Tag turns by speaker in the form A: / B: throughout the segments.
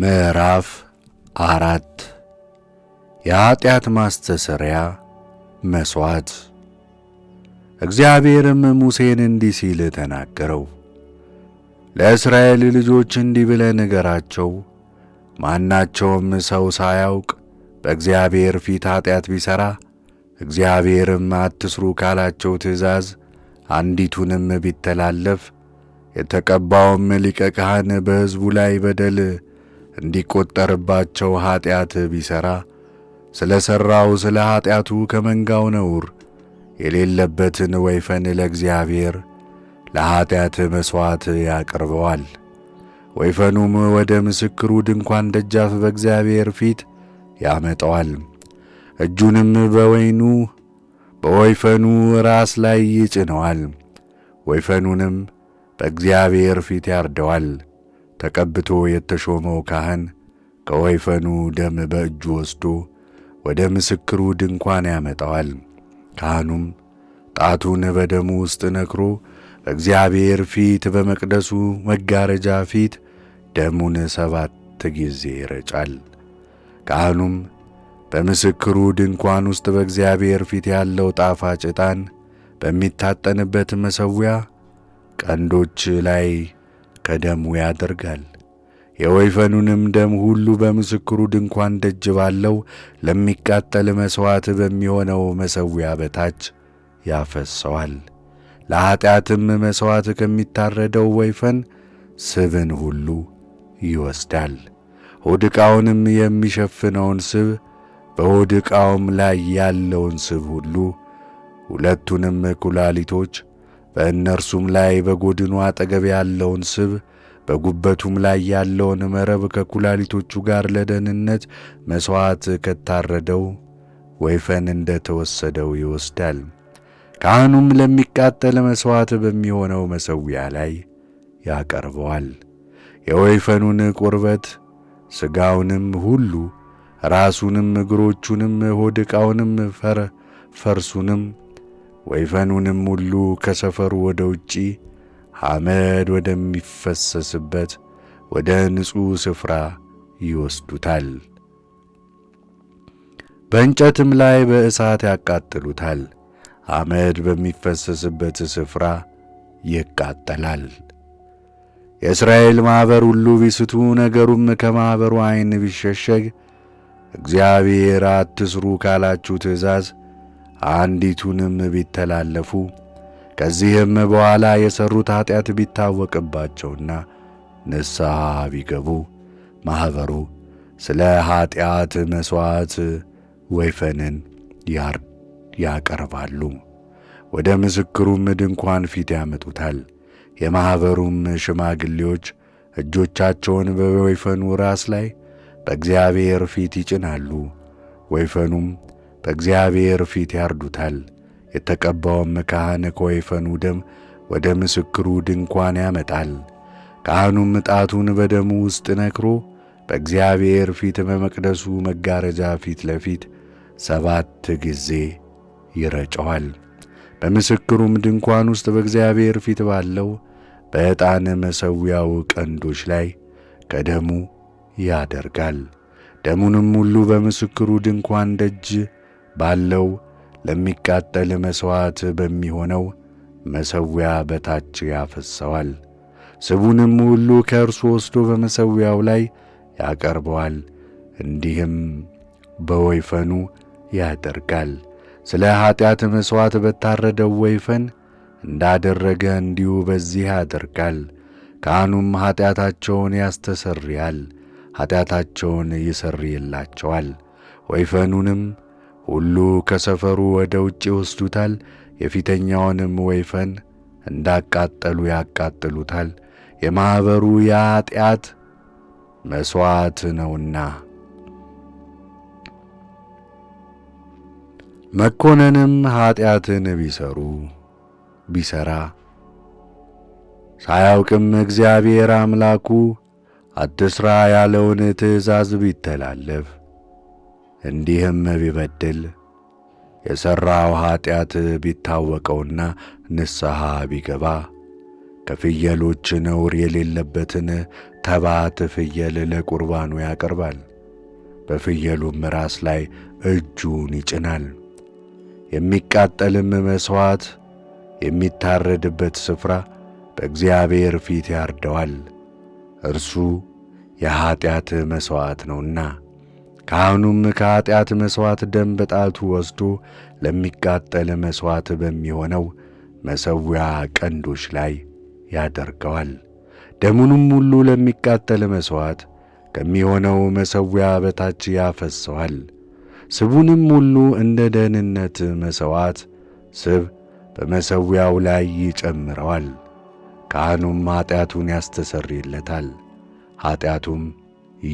A: ምዕራፍ አራት የኀጢአት ማስተሰሪያ መሥዋዕት። እግዚአብሔርም ሙሴን እንዲህ ሲል ተናገረው። ለእስራኤል ልጆች እንዲህ ብለ ንገራቸው፣ ማናቸውም ሰው ሳያውቅ በእግዚአብሔር ፊት ኀጢአት ቢሠራ እግዚአብሔርም አትስሩ ካላቸው ትእዛዝ አንዲቱንም ቢተላለፍ የተቀባውም ሊቀ ካህን በሕዝቡ ላይ በደል እንዲቈጠርባቸው ኀጢአት ቢሠራ ስለ ሠራው ስለ ኀጢአቱ ከመንጋው ነውር የሌለበትን ወይፈን ለእግዚአብሔር ለኀጢአት መሥዋዕት ያቀርበዋል። ወይፈኑም ወደ ምስክሩ ድንኳን ደጃፍ በእግዚአብሔር ፊት ያመጠዋል። እጁንም በወይኑ በወይፈኑ ራስ ላይ ይጭነዋል። ወይፈኑንም በእግዚአብሔር ፊት ያርደዋል። ተቀብቶ የተሾመው ካህን ከወይፈኑ ደም በእጁ ወስዶ ወደ ምስክሩ ድንኳን ያመጣዋል። ካህኑም ጣቱን በደሙ ውስጥ ነክሮ በእግዚአብሔር ፊት በመቅደሱ መጋረጃ ፊት ደሙን ሰባት ጊዜ ይረጫል። ካህኑም በምስክሩ ድንኳን ውስጥ በእግዚአብሔር ፊት ያለው ጣፋጭ ዕጣን በሚታጠንበት መሠዊያ ቀንዶች ላይ ከደሙ ያደርጋል። የወይፈኑንም ደም ሁሉ በምስክሩ ድንኳን ደጅ ባለው ለሚቃጠል መሥዋዕት በሚሆነው መሠዊያ በታች ያፈሰዋል። ለኀጢአትም መሥዋዕት ከሚታረደው ወይፈን ስብን ሁሉ ይወስዳል። ሆድ ዕቃውንም የሚሸፍነውን ስብ፣ በሆድ ዕቃውም ላይ ያለውን ስብ ሁሉ፣ ሁለቱንም ኩላሊቶች በእነርሱም ላይ በጎድኑ አጠገብ ያለውን ስብ በጉበቱም ላይ ያለውን መረብ ከኩላሊቶቹ ጋር ለደህንነት መሥዋዕት ከታረደው ወይፈን እንደ ተወሰደው ይወስዳል። ካህኑም ለሚቃጠል መሥዋዕት በሚሆነው መሠዊያ ላይ ያቀርበዋል። የወይፈኑን ቁርበት ሥጋውንም ሁሉ ራሱንም፣ እግሮቹንም፣ ሆድ ዕቃውንም፣ ፈርሱንም ወይፈኑንም ሁሉ ከሰፈሩ ወደ ውጪ አመድ ወደሚፈሰስበት ወደ ንጹሕ ስፍራ ይወስዱታል። በእንጨትም ላይ በእሳት ያቃጥሉታል። አመድ በሚፈሰስበት ስፍራ ይቃጠላል። የእስራኤል ማኅበር ሁሉ ቢስቱ፣ ነገሩም ከማኅበሩ ዐይን ቢሸሸግ፣ እግዚአብሔር አትስሩ ካላችሁ ትእዛዝ አንዲቱንም ቢተላለፉ ከዚህም በኋላ የሠሩት ኀጢአት ቢታወቅባቸውና ንስሐ ቢገቡ ማኅበሩ ስለ ኀጢአት መሥዋዕት ወይፈንን ያቀርባሉ። ወደ ምስክሩም ድንኳን ፊት ያመጡታል። የማኅበሩም ሽማግሌዎች እጆቻቸውን በወይፈኑ ራስ ላይ በእግዚአብሔር ፊት ይጭናሉ። ወይፈኑም በእግዚአብሔር ፊት ያርዱታል። የተቀባውም ካህን ከወይፈኑ ደም ወደ ምስክሩ ድንኳን ያመጣል። ካህኑም ጣቱን በደሙ ውስጥ ነክሮ በእግዚአብሔር ፊት በመቅደሱ መጋረጃ ፊት ለፊት ሰባት ጊዜ ይረጨዋል። በምስክሩም ድንኳን ውስጥ በእግዚአብሔር ፊት ባለው በዕጣን መሠዊያው ቀንዶች ላይ ከደሙ ያደርጋል። ደሙንም ሁሉ በምስክሩ ድንኳን ደጅ ባለው ለሚቃጠል መሥዋዕት በሚሆነው መሠዊያ በታች ያፈሰዋል። ስቡንም ሁሉ ከእርሱ ወስዶ በመሠዊያው ላይ ያቀርበዋል። እንዲህም በወይፈኑ ያደርጋል። ስለ ኀጢአት መሥዋዕት በታረደው ወይፈን እንዳደረገ እንዲሁ በዚህ ያደርጋል። ካህኑም ኀጢአታቸውን ያስተሰርያል፣ ኀጢአታቸውን ይሰርይላቸዋል። ወይፈኑንም ሁሉ ከሰፈሩ ወደ ውጭ ይወስዱታል። የፊተኛውንም ወይፈን እንዳቃጠሉ ያቃጥሉታል። የማኅበሩ የኀጢአት መሥዋዕት ነውና መኮነንም ኀጢአትን ቢሰሩ ቢሠራ ሳያውቅም እግዚአብሔር አምላኩ አትሥራ ያለውን ትእዛዝ ቢተላለፍ እንዲህም ቢበድል የሠራው ኀጢአት ቢታወቀውና ንስሐ ቢገባ ከፍየሎች ነውር የሌለበትን ተባት ፍየል ለቁርባኑ ያቀርባል። በፍየሉም ራስ ላይ እጁን ይጭናል። የሚቃጠልም መሥዋዕት የሚታረድበት ስፍራ በእግዚአብሔር ፊት ያርደዋል፣ እርሱ የኀጢአት መሥዋዕት ነውና። ካህኑም ከኀጢአት መሥዋዕት ደም በጣቱ ወስዶ ለሚቃጠል መሥዋዕት በሚሆነው መሠዊያ ቀንዶች ላይ ያደርገዋል። ደሙንም ሁሉ ለሚቃጠል መሥዋዕት ከሚሆነው መሠዊያ በታች ያፈሰዋል። ስቡንም ሁሉ እንደ ደህንነት መሥዋዕት ስብ በመሠዊያው ላይ ይጨምረዋል። ካህኑም ኀጢአቱን ያስተሰርይለታል፣ ኀጢአቱም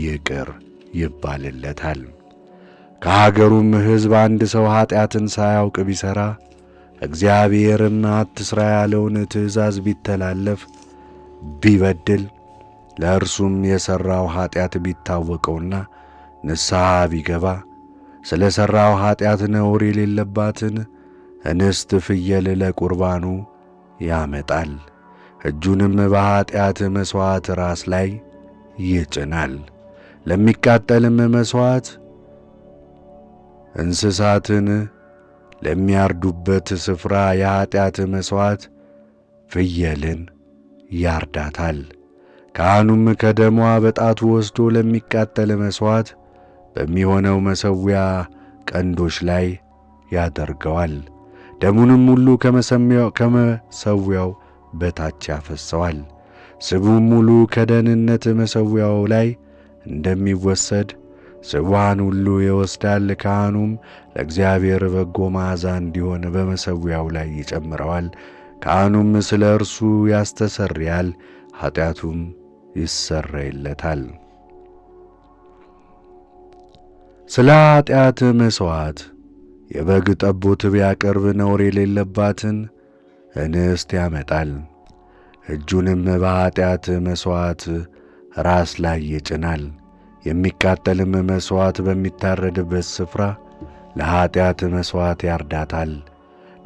A: ይቅር ይባልለታል። ከአገሩም ሕዝብ አንድ ሰው ኀጢአትን ሳያውቅ ቢሠራ እግዚአብሔርና አትሥራ ያለውን ትእዛዝ ቢተላለፍ ቢበድል ለእርሱም የሠራው ኀጢአት ቢታወቀውና ንስሐ ቢገባ ስለ ሠራው ኀጢአት ነውር የሌለባትን እንስት ፍየል ለቁርባኑ ያመጣል። እጁንም በኀጢአት መሥዋዕት ራስ ላይ ይጭናል። ለሚቃጠልም መሥዋዕት እንስሳትን ለሚያርዱበት ስፍራ የኀጢአት መሥዋዕት ፍየልን ያርዳታል። ካህኑም ከደሟ በጣቱ ወስዶ ለሚቃጠል መሥዋዕት በሚሆነው መሠዊያ ቀንዶች ላይ ያደርገዋል። ደሙንም ሁሉ ከመሠዊያው በታች ያፈሰዋል። ስቡም ሙሉ ከደህንነት መሠዊያው ላይ እንደሚወሰድ ጽዋን ሁሉ ይወስዳል። ካህኑም ለእግዚአብሔር በጎ መዓዛ እንዲሆን በመሠዊያው ላይ ይጨምረዋል። ካህኑም ስለ እርሱ ያስተሰርያል፣ ኀጢአቱም ይሰረይለታል። ስለ ኀጢአት መሥዋዕት የበግ ጠቦት ቢያቀርብ ነውር የሌለባትን እንስት ያመጣል። እጁንም በኀጢአት መሥዋዕት ራስ ላይ ይጭናል። የሚቃጠልም መሥዋዕት በሚታረድበት ስፍራ ለኀጢአት መሥዋዕት ያርዳታል።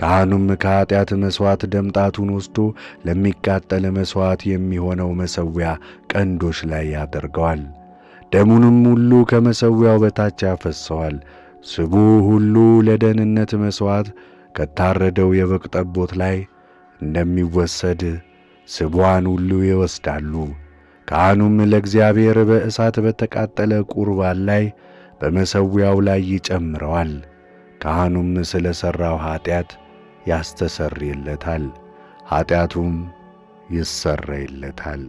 A: ካህኑም ከኀጢአት መሥዋዕት ደምጣቱን ወስዶ ለሚቃጠል መሥዋዕት የሚሆነው መሠዊያ ቀንዶች ላይ ያደርገዋል። ደሙንም ሁሉ ከመሠዊያው በታች ያፈሰዋል። ስቡ ሁሉ ለደህንነት መሥዋዕት ከታረደው የበግ ጠቦት ላይ እንደሚወሰድ ስቧን ሁሉ ይወስዳሉ። ካህኑም ለእግዚአብሔር በእሳት በተቃጠለ ቁርባን ላይ በመሠዊያው ላይ ይጨምረዋል። ካህኑም ስለ ሠራው ኀጢአት ያስተሰርይለታል፣ ኀጢአቱም ይሰረይለታል።